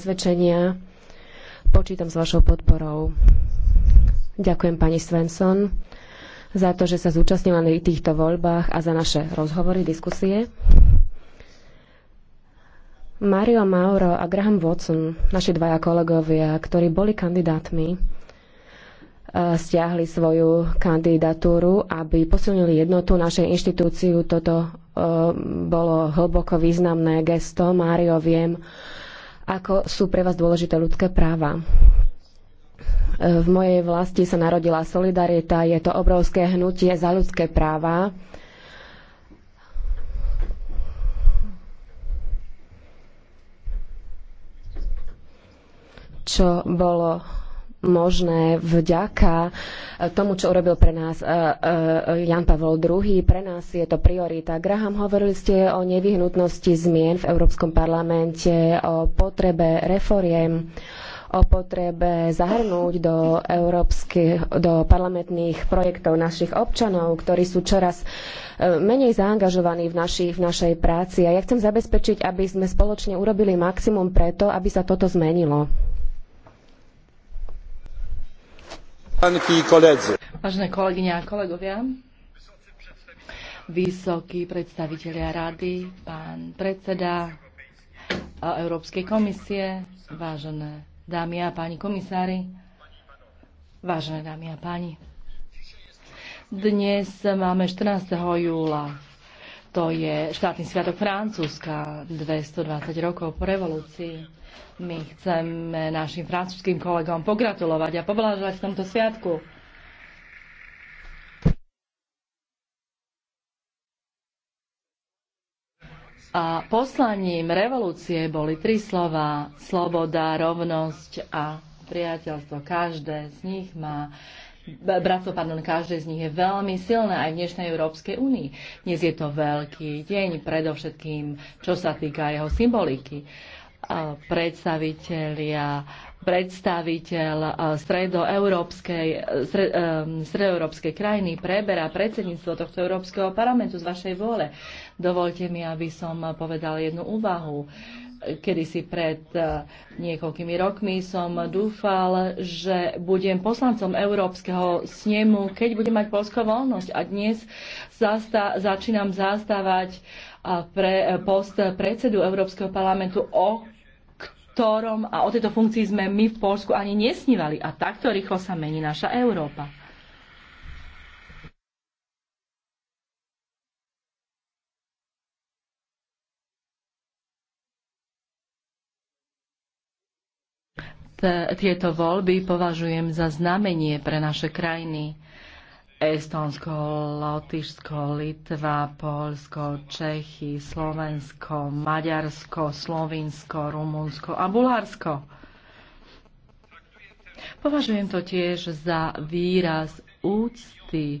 presvedčenia. Počítam s vašou podporou. Ďakujem pani Svensson za to, že sa zúčastnila na týchto voľbách a za naše rozhovory, diskusie. Mario Mauro a Graham Watson, naši dvaja kolegovia, ktorí boli kandidátmi, e, stiahli svoju kandidatúru, aby posilnili jednotu našej inštitúciu. Toto e, bolo hlboko významné gesto. Mário, viem, ako sú pre vás dôležité ľudské práva. E, v mojej vlasti sa narodila Solidarita, je to obrovské hnutie za ľudské práva. Čo bolo možné vďaka eh, tomu, čo urobil pre nás eh, eh, Jan Pavel II. Pre nás je to priorita. Graham, hovorili ste o nevyhnutnosti zmien v Európskom parlamente, o potrebe reforiem, o potrebe zahrnúť do európskych, do parlamentných projektov našich občanov, ktorí sú čoraz menej zaangažovaní v, naši, v našej práci. A ja chcem zabezpečiť, aby sme spoločne urobili maximum preto, aby sa toto zmenilo. Vážené kolegyne a kolegovia, vysokí predstavitelia rady, pán predseda Európskej komisie, vážené dámy a páni komisári, vážené dámy a páni. Dnes máme 14. júla. To je štátny sviatok Francúzska, 220 rokov po revolúcii. My chceme našim francúzským kolegom pogratulovať a poblažovať v tomto sviatku. A poslaním revolúcie boli tri slova. Sloboda, rovnosť a priateľstvo. Každé z nich má bratstvo, pardon, každé z nich je veľmi silné aj v dnešnej Európskej únii. Dnes je to veľký deň, predovšetkým čo sa týka jeho symboliky predstavitelia, predstaviteľ stredoeurópskej, stred, e, stredoeurópskej krajiny preberá predsedníctvo tohto Európskeho parlamentu z vašej vôle. Dovolte mi, aby som povedal jednu úvahu kedysi pred e, niekoľkými rokmi som dúfal, že budem poslancom Európskeho snemu, keď budem mať Polsko voľnosť. A dnes zasta- začínam zastávať pre e, post predsedu Európskeho parlamentu o ktorom a o tejto funkcii sme my v Polsku ani nesnívali. A takto rýchlo sa mení naša Európa. Tieto voľby považujem za znamenie pre naše krajiny Estonsko, Lotyšsko, Litva, Polsko, Čechy, Slovensko, Maďarsko, Slovinsko, Rumunsko a Bulharsko. Považujem to tiež za výraz úcty e,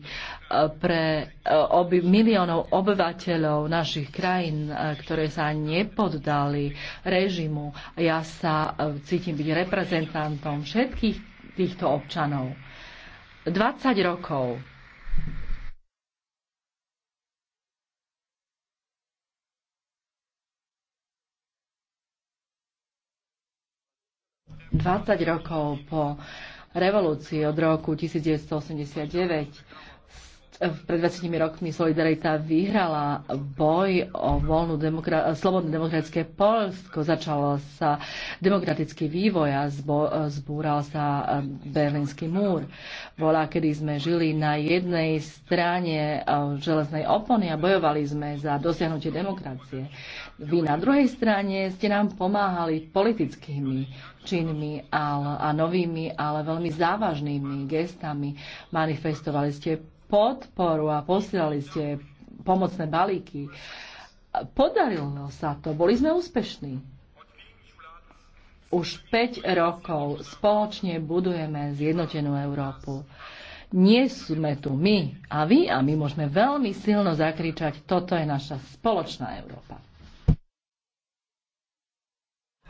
pre e, oby, miliónov obyvateľov našich krajín, e, ktoré sa nepoddali režimu. Ja sa cítim byť reprezentantom všetkých týchto občanov. 20 rokov 20 rokov po revolúcii od roku 1989 pred 20 rokmi Solidarita vyhrala boj o voľnú demokra- slobodné demokratické Polsko. Začalo sa demokratický vývoj a zbo- zbúral sa eh, Berlínsky múr. Bola, kedy sme žili na jednej strane eh, železnej opony a bojovali sme za dosiahnutie demokracie. Vy na druhej strane ste nám pomáhali politickými činmi a novými, ale veľmi závažnými gestami. Manifestovali ste podporu a posielali ste pomocné balíky. Podarilo sa to, boli sme úspešní. Už 5 rokov spoločne budujeme zjednotenú Európu. Nie sme tu my a vy a my môžeme veľmi silno zakričať, toto je naša spoločná Európa.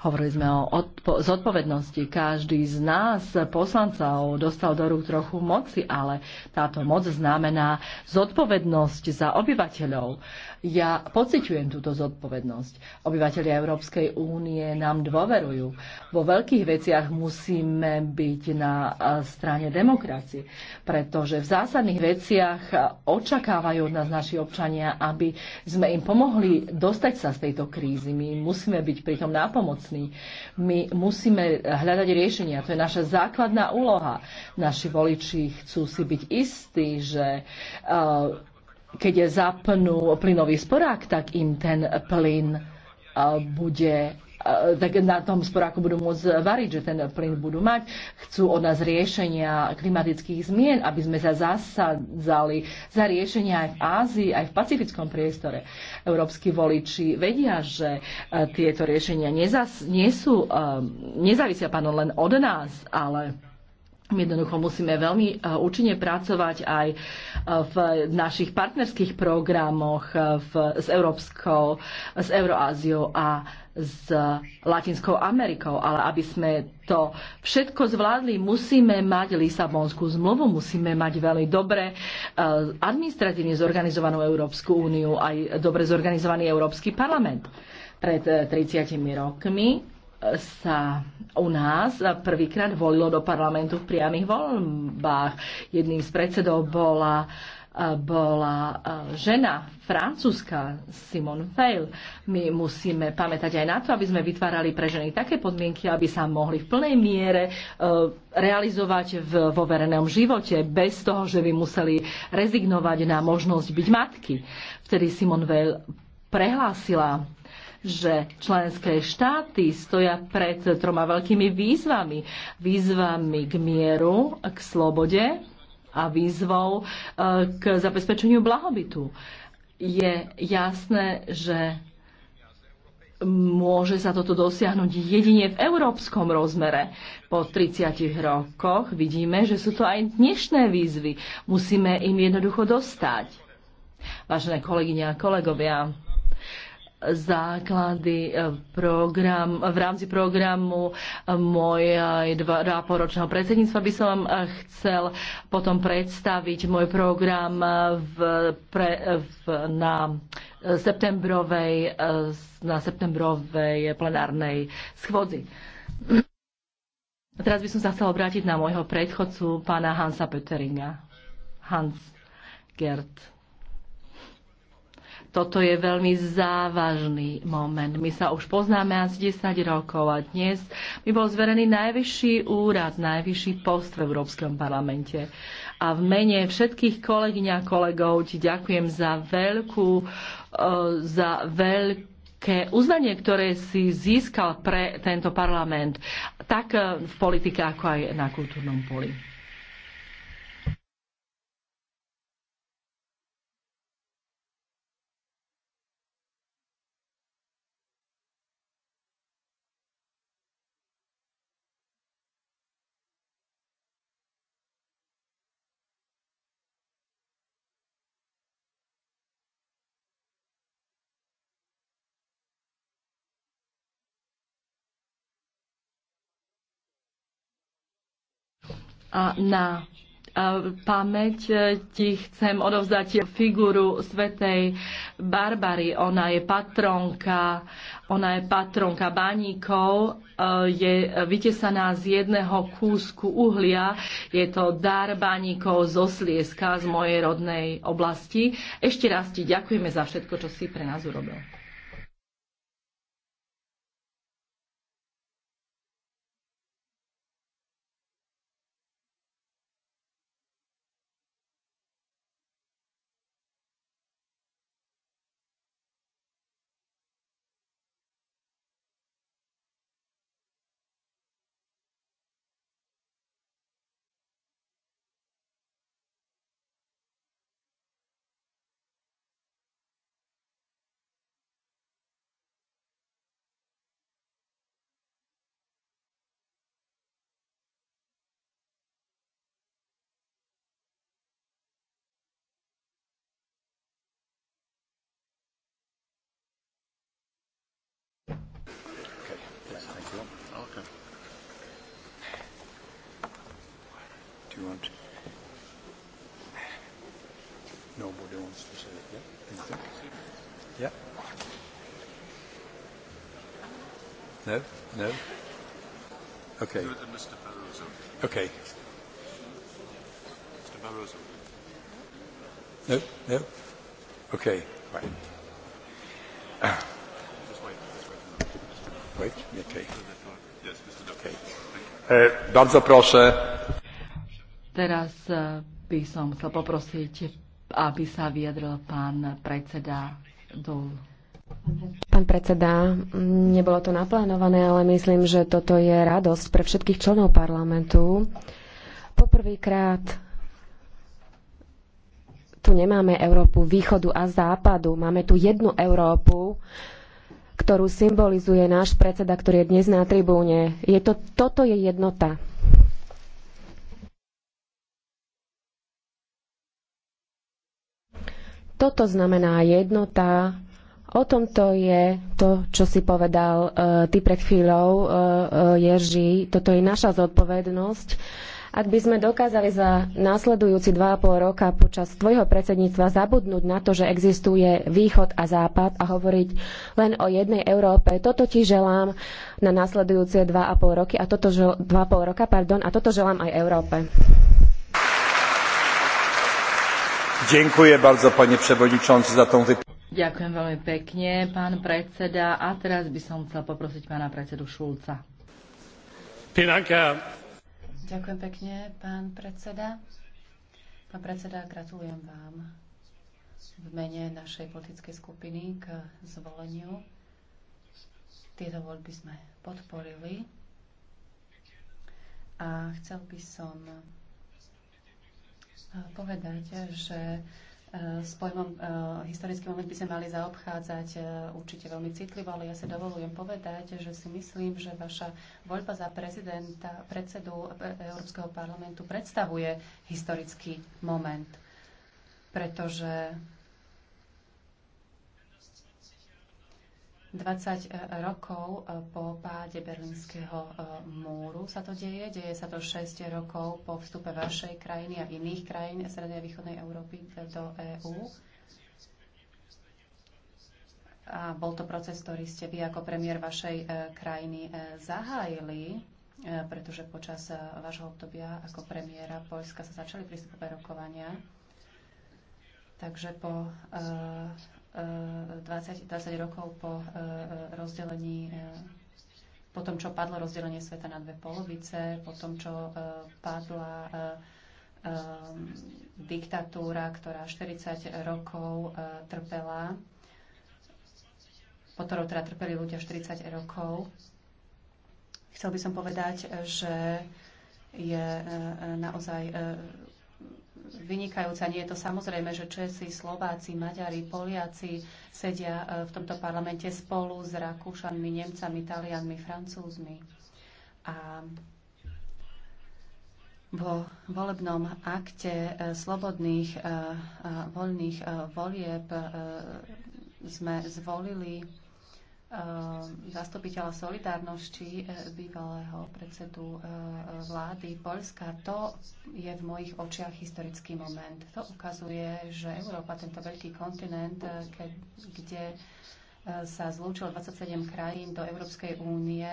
Hovorili sme o odpo- zodpovednosti. Každý z nás, poslancov, dostal do rúk trochu moci, ale táto moc znamená zodpovednosť za obyvateľov. Ja pociťujem túto zodpovednosť. Obyvateľia Európskej únie nám dôverujú. Vo veľkých veciach musíme byť na strane demokracie, pretože v zásadných veciach očakávajú od nás naši občania, aby sme im pomohli dostať sa z tejto krízy. My musíme byť pritom nápomocní neschopní. My musíme hľadať riešenia. To je naša základná úloha. Naši voliči chcú si byť istí, že eh, keď zapnú plynový sporák, tak im ten plyn eh, bude tak na tom skôr ako budú môcť variť, že ten plyn budú mať. Chcú od nás riešenia klimatických zmien, aby sme sa zasadzali za riešenia aj v Ázii, aj v pacifickom priestore. Európsky voliči vedia, že e, tieto riešenia nezas, nie sú, e, nezávisia pánom len od nás, ale my jednoducho musíme veľmi e, účinne pracovať aj e, v našich partnerských programoch e, v, s Európskou, s Euroáziou a s Latinskou Amerikou. Ale aby sme to všetko zvládli, musíme mať Lisabonskú zmluvu, musíme mať veľmi dobre administratívne zorganizovanú Európsku úniu, aj dobre zorganizovaný Európsky parlament. Pred 30 rokmi sa u nás prvýkrát volilo do parlamentu v priamých voľbách. Jedným z predsedov bola bola e, žena francúzska Simone Veil. My musíme pamätať aj na to, aby sme vytvárali pre ženy také podmienky, aby sa mohli v plnej miere e, realizovať v, vo verejnom živote bez toho, že by museli rezignovať na možnosť byť matky. Vtedy Simone Veil prehlásila že členské štáty stoja pred troma veľkými výzvami. Výzvami k mieru, k slobode a výzvou e, k zabezpečeniu blahobytu. Je jasné, že môže sa toto dosiahnuť jedine v európskom rozmere. Po 30 rokoch vidíme, že sú to aj dnešné výzvy. Musíme im jednoducho dostať. Vážené kolegyne a kolegovia, základy eh, program, v rámci programu eh, mojej eh, dva, poročného predsedníctva by som vám chcel potom predstaviť môj program v, pre, v, na septembrovej, na septembrovej plenárnej schôdzi. Teraz by som sa chcel obrátiť na môjho predchodcu, pána Hansa Pöteringa. Hans Gert. Toto je veľmi závažný moment. My sa už poznáme asi 10 rokov a dnes mi bol zverený najvyšší úrad, najvyšší post v Európskom parlamente. A v mene všetkých kolegyň a kolegov ti ďakujem za veľkú, eh, za veľkú uznanie, ktoré si získal pre tento parlament, tak v politike, ako aj na kultúrnom poli. A na pamäť e, ti chcem odovzdať figuru svetej Barbary. Ona je patronka, ona je patronka baníkov, e, je vytesaná z jedného kúsku uhlia. Je to dar baníkov zo Slieska, z mojej rodnej oblasti. Ešte raz ti ďakujeme za všetko, čo si pre nás urobil. No? No? Okay. Mr. Barroso. Okay. Mr. Barroso. No? No? Okay. Right. Just wait. wait. Okay. Yes, Mr. Okay. E, bardzo proszę. Teraz eh, by som chcel poprosiť, aby sa vyjadril pán predseda Thank you pán predseda. Nebolo to naplánované, ale myslím, že toto je radosť pre všetkých členov parlamentu. Poprvýkrát tu nemáme Európu východu a západu. Máme tu jednu Európu, ktorú symbolizuje náš predseda, ktorý je dnes na tribúne. Je to, toto je jednota. Toto znamená jednota, O tomto je to, čo si povedal uh, ty pred chvíľou, uh, uh, Ježi. Toto je naša zodpovednosť. Ak by sme dokázali za následujúci 2,5 roka počas tvojho predsedníctva zabudnúť na to, že existuje východ a západ a hovoriť len o jednej Európe, toto ti želám na následujúce 2,5 roky a toto, žel, 2,5 roka, pardon, a toto želám aj Európe. Dziękuję bardzo panie przewodniczący za tą wypowiedź. Ďakujem veľmi pekne, pán predseda. A teraz by som chcel poprosiť pána predsedu Šulca. Pinaka. Ďakujem pekne, pán predseda. Pán predseda, gratulujem vám v mene našej politickej skupiny k zvoleniu. Tieto voľby sme podporili a chcel by som povedať, že E, s pojmom e, historický moment by sme mali zaobchádzať e, určite veľmi citlivo, ale ja si dovolujem povedať, že si myslím, že vaša voľba za prezidenta, predsedu Európskeho parlamentu predstavuje historický moment, pretože 20 e, rokov e, po páde Berlínskeho e, múru sa to deje. Deje sa to 6 rokov po vstupe vašej krajiny a iných krajín Srednej a Východnej Európy do EÚ. A bol to proces, ktorý ste vy ako premiér vašej krajiny zahájili, pretože počas vášho obdobia ako premiéra Poľska sa začali prístupové rokovania. Takže po 20, eh, 20 rokov po eh, rozdelení eh, po tom, čo padlo rozdelenie sveta na dve polovice, po tom, čo padla diktatúra, ktorá 40 rokov trpela, po ktorou teda trpeli ľudia 40 rokov. Chcel by som povedať, že je naozaj vynikajúca. Nie je to samozrejme, že Česi, Slováci, Maďari, Poliaci sedia e, v tomto parlamente spolu s Rakúšanmi, Nemcami, Talianmi, Francúzmi. A vo volebnom akte e, slobodných e, voľných volieb sme zvolili Ehm, zastupiteľa solidárnosti eh, bývalého predsedu eh, vlády Poľska. To je v mojich očiach historický moment. To ukazuje, že Európa, tento veľký kontinent, eh, kde sa zlúčilo 27 krajín do Európskej únie,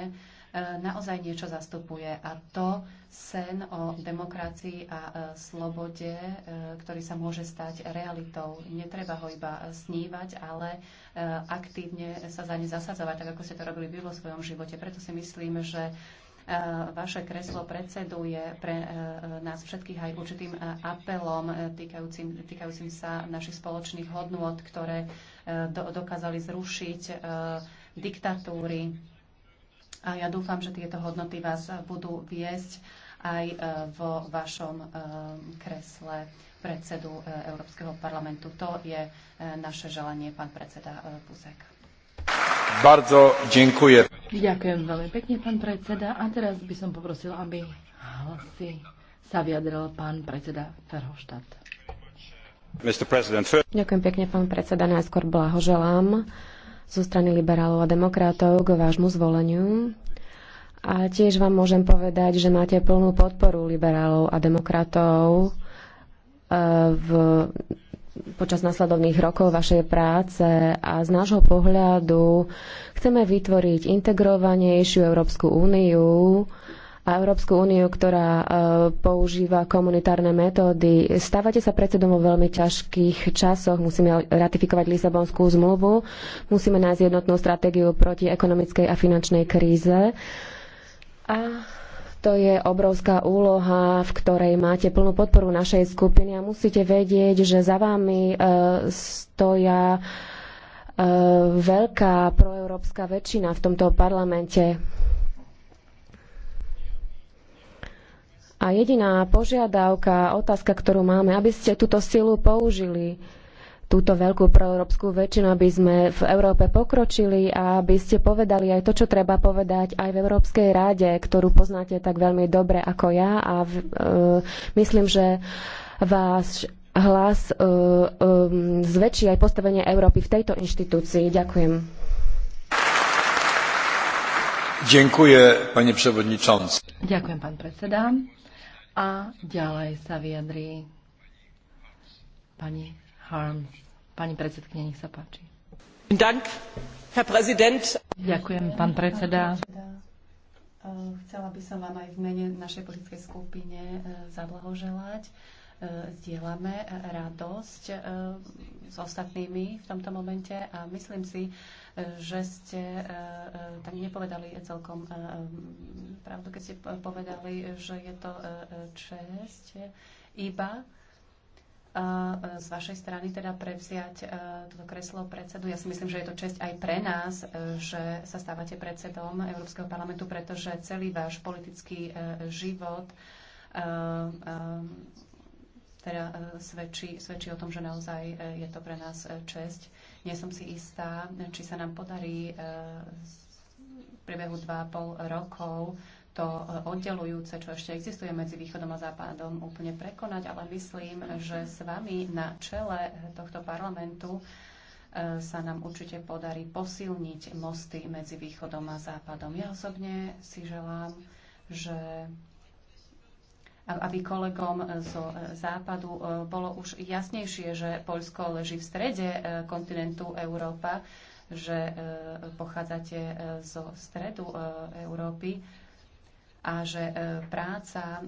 E, naozaj niečo zastupuje a to sen o demokracii a e, slobode, e, ktorý sa môže stať realitou. Netreba ho iba snívať, ale aktívne sa za ne zasadzovať, tak ako ste to robili vy vo svojom živote. Preto si myslím, že vaše kreslo predsedu je pre nás všetkých aj určitým apelom týkajúcim, týkajúcim sa našich spoločných hodnôt, ktoré dokázali zrušiť diktatúry a ja dúfam, že tieto hodnoty vás eh, budú viesť aj eh, vo vašom eh, kresle predsedu Európskeho parlamentu. To je naše želanie, pán predseda Buzek. Bardzo dziękuję. Ďakujem veľmi pekne, pán predseda. A teraz by som poprosil, aby hlasy sa vyjadril pán predseda Ferhoštát. Ďakujem pekne, pán predseda. Najskôr blahoželám zo strany liberálov a demokratov k vášmu zvoleniu. A tiež vám môžem povedať, že máte plnú podporu liberálov a demokratov e, v, počas nasledovných rokov vašej práce a z nášho pohľadu chceme vytvoriť integrovanejšiu Európsku úniu, a Európsku úniu, ktorá e, používa komunitárne metódy. Stávate sa predsedom vo veľmi ťažkých časoch. Musíme ratifikovať Lisabonskú zmluvu. Musíme nájsť jednotnú stratégiu proti ekonomickej a finančnej kríze. A to je obrovská úloha, v ktorej máte plnú podporu našej skupiny a musíte vedieť, že za vami e, stoja e, veľká proeurópska väčšina v tomto parlamente. A jediná požiadavka, otázka, ktorú máme, aby ste túto silu použili, túto veľkú proeurópsku väčšinu, aby sme v Európe pokročili a aby ste povedali aj to, čo treba povedať aj v Európskej rade, ktorú poznáte tak veľmi dobre ako ja a v, e, myslím, že váš hlas e, e, zväčší aj postavenie Európy v tejto inštitúcii. Ďakujem. Ďakujem, pani Ďakujem, pán predseda. A ďalej sa vyjadrí pani Harms. Pani predsedkne, nech sa páči. Ďakujem, pán predseda. Chcela by som vám aj v mene našej politickej skupine e, zablahoželať. E, zdieľame e, radosť s ostatnými v tomto momente a myslím si, že ste e, e, tak nepovedali celkom e, pravdu, keď ste povedali, že je to čest iba z vašej strany teda prevziať toto kreslo predsedu. Ja si myslím, že je to čest aj pre nás, že sa stávate predsedom Európskeho parlamentu, pretože celý váš politický život teda e, svedčí, svedčí o tom, že naozaj e, je to pre nás e, česť. Nie som si istá, či sa nám podarí v priebehu 2,5 rokov to oddelujúce, čo ešte existuje medzi východom a západom, úplne prekonať, ale myslím, že s vami na čele tohto parlamentu sa nám určite podarí posilniť mosty medzi východom a západom. Ja osobne si želám, že aby kolegom zo e, západu e, bolo už jasnejšie, že Poľsko leží v strede e, kontinentu Európa, že pochádzate zo stredu Európy a že práca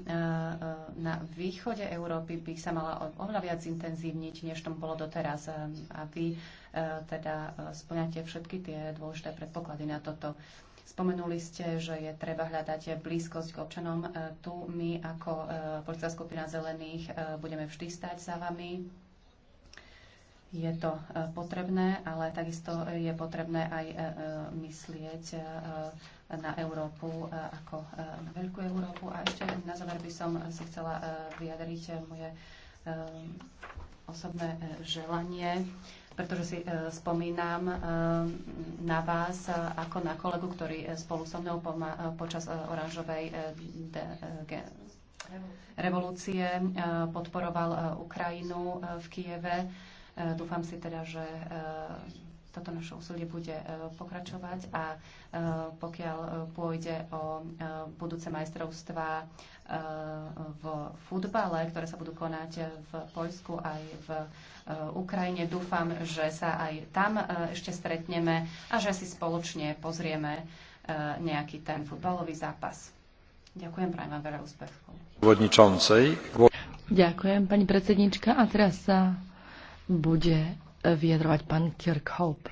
na východe Európy by sa mala oveľa viac intenzívniť, než tomu bolo doteraz. A vy teda splňate všetky tie dôležité predpoklady na toto. Spomenuli ste, že je treba hľadať blízkosť k občanom. E, tu my ako e, politická skupina zelených e, budeme vždy stať za vami. Je to potrebné, ale takisto je potrebné aj myslieť na Európu ako na veľkú Európu. A ešte na záver by som si chcela vyjadriť moje osobné želanie pretože si e, spomínam e, na vás ako na kolegu, ktorý e, spolu so mnou počas oranžovej revolúcie podporoval Ukrajinu v Kieve. Dúfam si teda, že toto naše úsilie bude e, pokračovať a e, pokiaľ e, pôjde o budúce majstrovstvá v futbale, ktoré sa budú konať v Poľsku aj v Ukrajine, dúfam, že sa aj tam ešte stretneme a že si spoločne pozrieme nejaký ten futbalový zápas. Ďakujem, prajem vám veľa úspechov. Ďakujem, pani predsednička. A teraz sa bude vyjadrovať pán Kirkhope.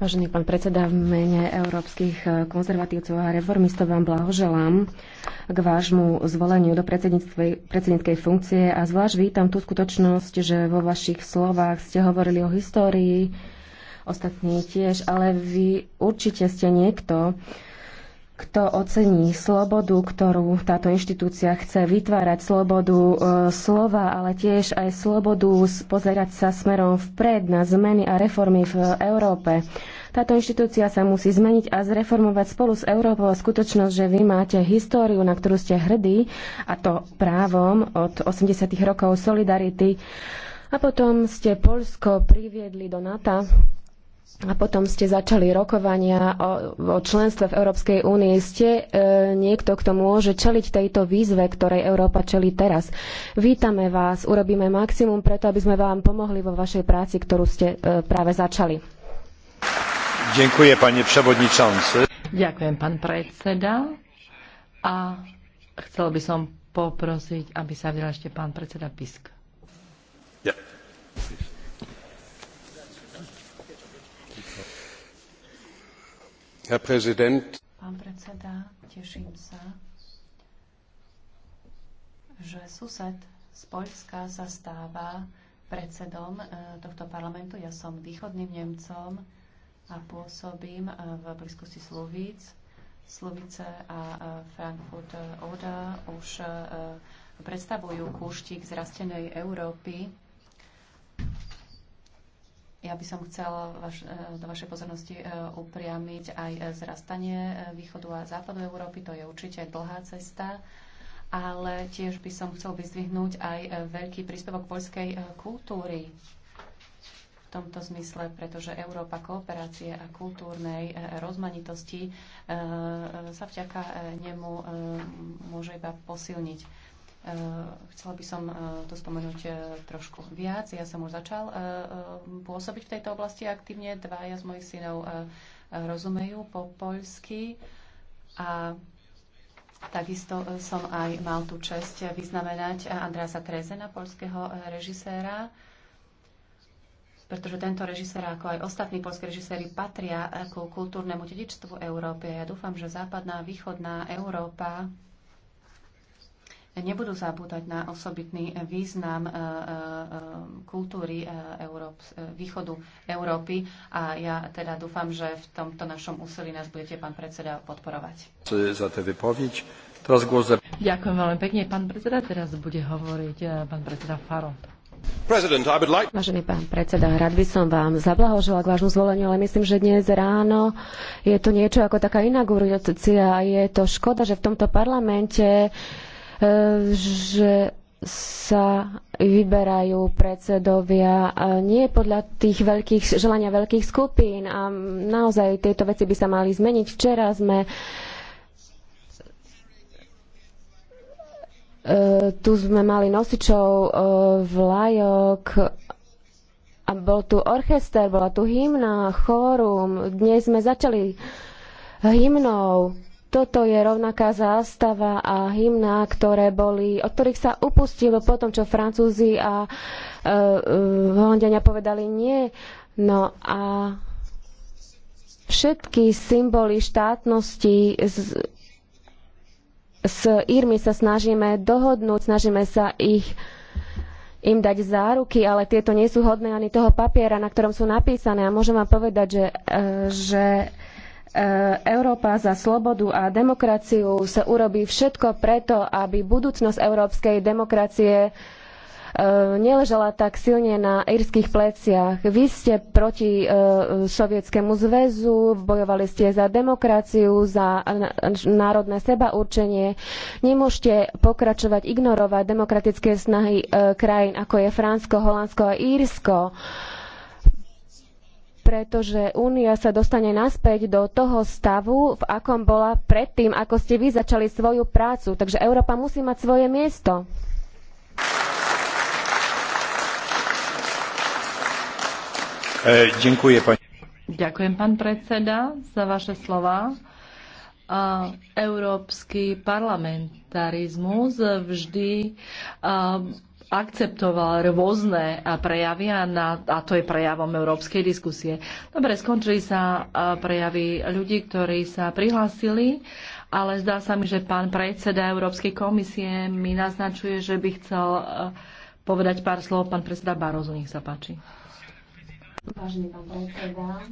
Vážený pán predseda, v mene európskych eh, konzervatívcov a reformistov vám blahoželám k vášmu zvoleniu do predsedníckej funkcie a zvlášť vítam tú skutočnosť, že vo vašich slovách ste hovorili o histórii, ostatní tiež, ale vy určite ste niekto, kto ocení slobodu, ktorú táto inštitúcia chce vytvárať, slobodu e, slova, ale tiež aj slobodu pozerať sa smerom vpred na zmeny a reformy v Európe. Táto inštitúcia sa musí zmeniť a zreformovať spolu s Európou a skutočnosť, že vy máte históriu, na ktorú ste hrdí, a to právom od 80. rokov Solidarity. A potom ste Polsko priviedli do NATO a potom ste začali rokovania o, o členstve v Európskej únii. Ste e, niekto, kto môže čeliť tejto výzve, ktorej Európa čelí teraz. Vítame vás, urobíme maximum preto, aby sme vám pomohli vo vašej práci, ktorú ste e, práve začali. Ďakujem, pani przewodniczący. Ďakujem, pán predseda. A chcel by som poprosiť, aby sa vydal ešte pán predseda Pisk. Pán predseda, teším sa, že sused z Poľska sa stáva predsedom e, tohto parlamentu. Ja som východným Nemcom a pôsobím e, v blízkosti Slovíc. Slovice a e, Frankfurt Oda už predstavujú kúštik zrastenej Európy ja by som chcela vaš, e, do vašej pozornosti e, upriamiť aj e, zrastanie východu a západu Európy. To je určite dlhá cesta, ale tiež by som chcel vyzdvihnúť aj veľký príspevok poľskej kultúry v tomto zmysle, pretože Európa kooperácie a kultúrnej rozmanitosti sa vďaka nemu môže iba posilniť. Eh, chcela by som eh, to spomenúť eh, trošku viac. Ja som už začal pôsobiť v tejto oblasti aktívne. Dvaja z mojich synov rozumejú po poľsky a takisto som aj mal tú čest vyznamenať Andrása Trezena, poľského režiséra, pretože tento režisér, ako aj ostatní polskí režiséri, patria ku kultúrnemu dedičstvu Európy. Ja dúfam, že západná a východná Európa nebudú zabúdať na osobitný eh, význam eh, eh, kultúry Európ, východu Európy a ja teda dúfam, že v tomto našom úsilí nás budete, pán predseda, podporovať. Za Teraz za... Ďakujem veľmi pekne, pán predseda. Teraz bude hovoriť pán predseda Faro. Like... Vážený pán predseda, rád by som vám zablahožila k vášmu zvoleniu, ale myslím, že dnes ráno je to niečo ako taká inaugurácia. Je to škoda, že v tomto parlamente uh, že sa vyberajú predsedovia nie podľa tých veľkých, želania veľkých skupín a naozaj tieto veci by sa mali zmeniť. Včera sme e, tu sme mali nosičov e, vlajok a bol tu orchester, bola tu hymna, chórum. Dnes sme začali hymnou toto je rovnaká zástava a hymna, ktoré boli, od ktorých sa upustilo potom, čo Francúzi a e, e, Holandiania povedali nie. No a všetky symboly štátnosti z, s Írmi sa snažíme dohodnúť, snažíme sa ich im dať záruky, ale tieto nie sú hodné ani toho papiera, na ktorom sú napísané. A môžem vám povedať, že, e, že E, Európa za slobodu a demokraciu sa urobí všetko preto, aby budúcnosť európskej demokracie e, neležala tak silne na írskych pleciach. Vy ste proti e, Sovietskému zväzu, bojovali ste za demokraciu, za národné sebaurčenie. Nemôžete pokračovať ignorovať demokratické snahy krajín ako je Fransko, Holandsko a Írsko pretože Únia sa dostane naspäť do toho stavu, v akom bola predtým, ako ste vy začali svoju prácu. Takže Európa musí mať svoje miesto. E, ďakujem, pani. Ďakujem, pán predseda, za vaše slova. A európsky parlamentarizmus vždy a, akceptoval rôzne prejavy a, na, a to je prejavom európskej diskusie. Dobre, skončili sa prejavy ľudí, ktorí sa prihlásili, ale zdá sa mi, že pán predseda Európskej komisie mi naznačuje, že by chcel povedať pár slov. Pán predseda Barozu, nech sa páči. Vážený pán predseda,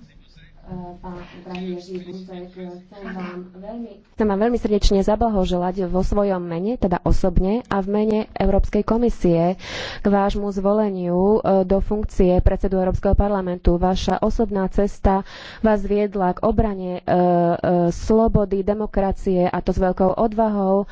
chcem vám veľmi... srdečne zablahoželať vo svojom mene, teda osobne, a v mene Európskej komisie k vášmu zvoleniu e, do funkcie predsedu Európskeho parlamentu. Vaša osobná cesta vás viedla k obrane e, e, slobody, demokracie a to s veľkou odvahou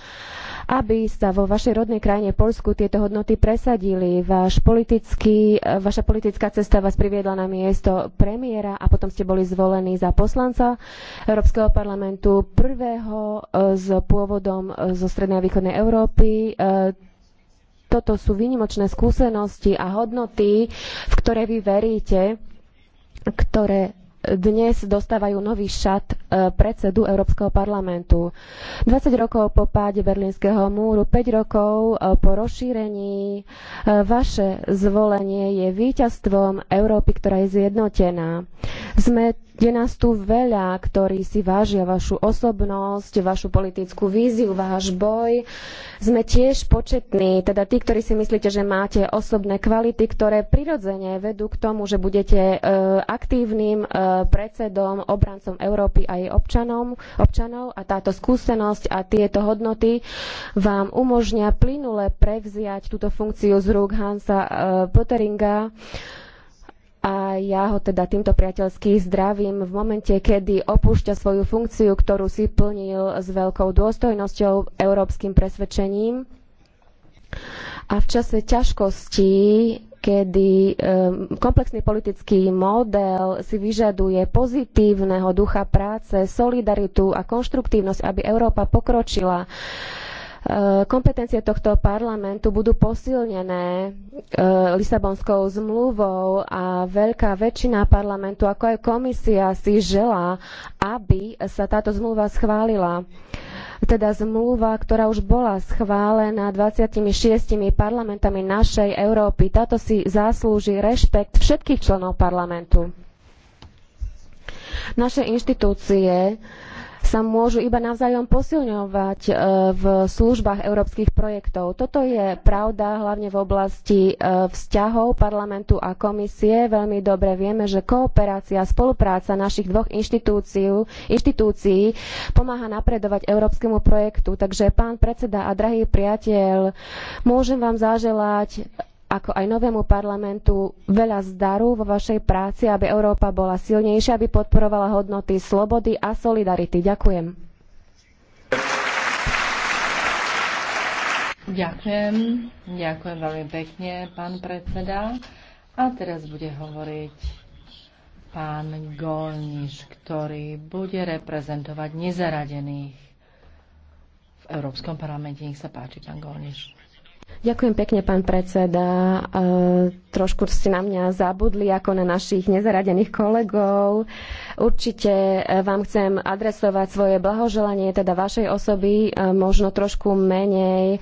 aby sa vo vašej rodnej krajine Polsku tieto hodnoty presadili. Váš politický, eh, vaša politická cesta vás priviedla na miesto premiéra a potom ste boli zvolení za poslanca Európskeho parlamentu, prvého eh, s pôvodom eh, zo Strednej a Východnej Európy toto sú výnimočné skúsenosti a hodnoty, v ktoré vy veríte, ktoré dnes dostávajú nový šat e, predsedu Európskeho parlamentu. 20 rokov po páde Berlínskeho múru, 5 rokov e, po rozšírení, e, vaše zvolenie je víťazstvom Európy, ktorá je zjednotená. Sme je nás tu veľa, ktorí si vážia vašu osobnosť, vašu politickú víziu, váš boj. Sme tiež početní, teda tí, ktorí si myslíte, že máte osobné kvality, ktoré prirodzene vedú k tomu, že budete e, aktívnym e, predsedom, obrancom Európy a jej občanom, občanov a táto skúsenosť a tieto hodnoty vám umožnia plynule prevziať túto funkciu z rúk Hansa e, Potteringa a ja ho teda týmto priateľsky zdravím v momente, kedy opúšťa svoju funkciu, ktorú si plnil s veľkou dôstojnosťou, európskym presvedčením. A v čase ťažkostí, kedy um, komplexný politický model si vyžaduje pozitívneho ducha práce, solidaritu a konštruktívnosť, aby Európa pokročila, uh, Eh, kompetencie tohto parlamentu budú posilnené eh, Lisabonskou zmluvou a veľká väčšina parlamentu, ako aj komisia, si želá, aby sa táto zmluva schválila. Teda zmluva, ktorá už bola schválená 26 parlamentami našej Európy. Táto si zaslúži rešpekt všetkých členov parlamentu. Naše inštitúcie sa môžu iba navzájom posilňovať e, v službách európskych projektov. Toto je pravda hlavne v oblasti e, vzťahov parlamentu a komisie. Veľmi dobre vieme, že kooperácia a spolupráca našich dvoch inštitúcií pomáha napredovať európskemu projektu. Takže pán predseda a drahý priateľ, môžem vám zaželať ako aj novému parlamentu veľa zdaru vo vašej práci, aby Európa bola silnejšia, aby podporovala hodnoty slobody a solidarity. Ďakujem. Ďakujem. Ďakujem veľmi pekne, pán predseda. A teraz bude hovoriť pán Golniš, ktorý bude reprezentovať nezaradených v Európskom parlamente. Nech sa páči, pán Golniš. Ďakujem pekne, pán predseda. E, trošku ste na mňa zabudli ako na našich nezaradených kolegov. Určite e, vám chcem adresovať svoje blahoželanie, teda vašej osoby, e, možno trošku menej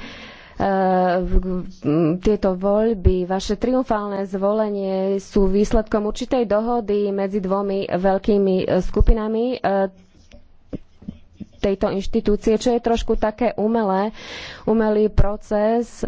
tieto voľby, vaše triumfálne zvolenie sú výsledkom určitej dohody medzi dvomi veľkými skupinami tejto inštitúcie, čo je trošku také umelé, umelý proces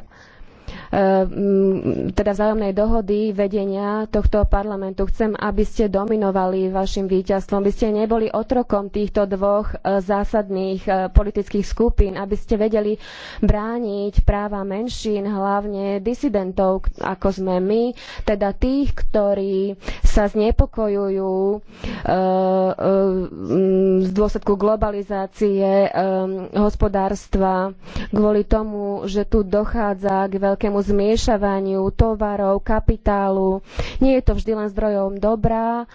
Ehm, teda vzájomnej dohody vedenia tohto parlamentu. Chcem, aby ste dominovali vašim víťazstvom, aby ste neboli otrokom týchto dvoch e, zásadných e, politických skupín, aby ste vedeli brániť práva menšín, hlavne disidentov, ako sme my, teda tých, ktorí sa znepokojujú e, z dôsledku globalizácie hospodárstva kvôli tomu, že tu dochádza k veľkému nelegálnemu zmiešavaniu tovarov, kapitálu. Nie je to vždy len zdrojom dobrá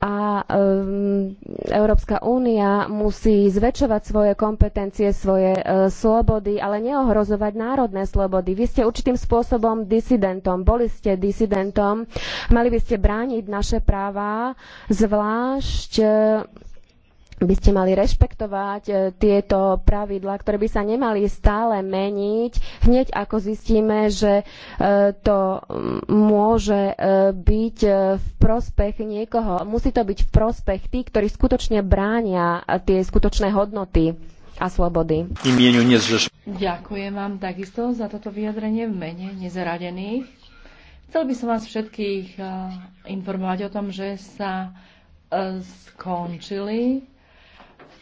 a um, Európska únia musí zväčšovať svoje kompetencie, svoje uh, slobody, ale neohrozovať národné slobody. Vy ste určitým spôsobom disidentom, boli ste disidentom, mali by ste brániť naše práva, zvlášť uh, by ste mali rešpektovať e, tieto pravidlá, ktoré by sa nemali stále meniť, hneď ako zistíme, že e, to mm, môže e, byť v prospech niekoho. Musí to byť v prospech tých, ktorí skutočne bránia tie skutočné hodnoty a slobody. Ďakujem vám takisto za toto vyjadrenie v mene nezaradených. Chcel by som vás všetkých informovať o tom, že sa skončili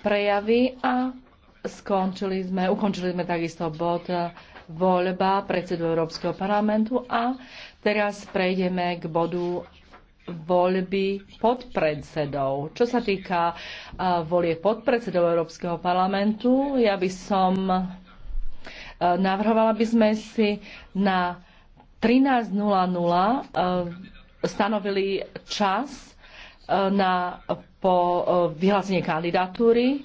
prejavy a skončili sme, ukončili sme takisto bod eh, voľba predsedu Európskeho parlamentu a teraz prejdeme k bodu voľby podpredsedov. Čo sa týka eh, volie podpredsedov Európskeho parlamentu, ja by som eh, navrhovala by sme si na 13.00 stanovili čas na, po eh, vyhlásení kandidatúry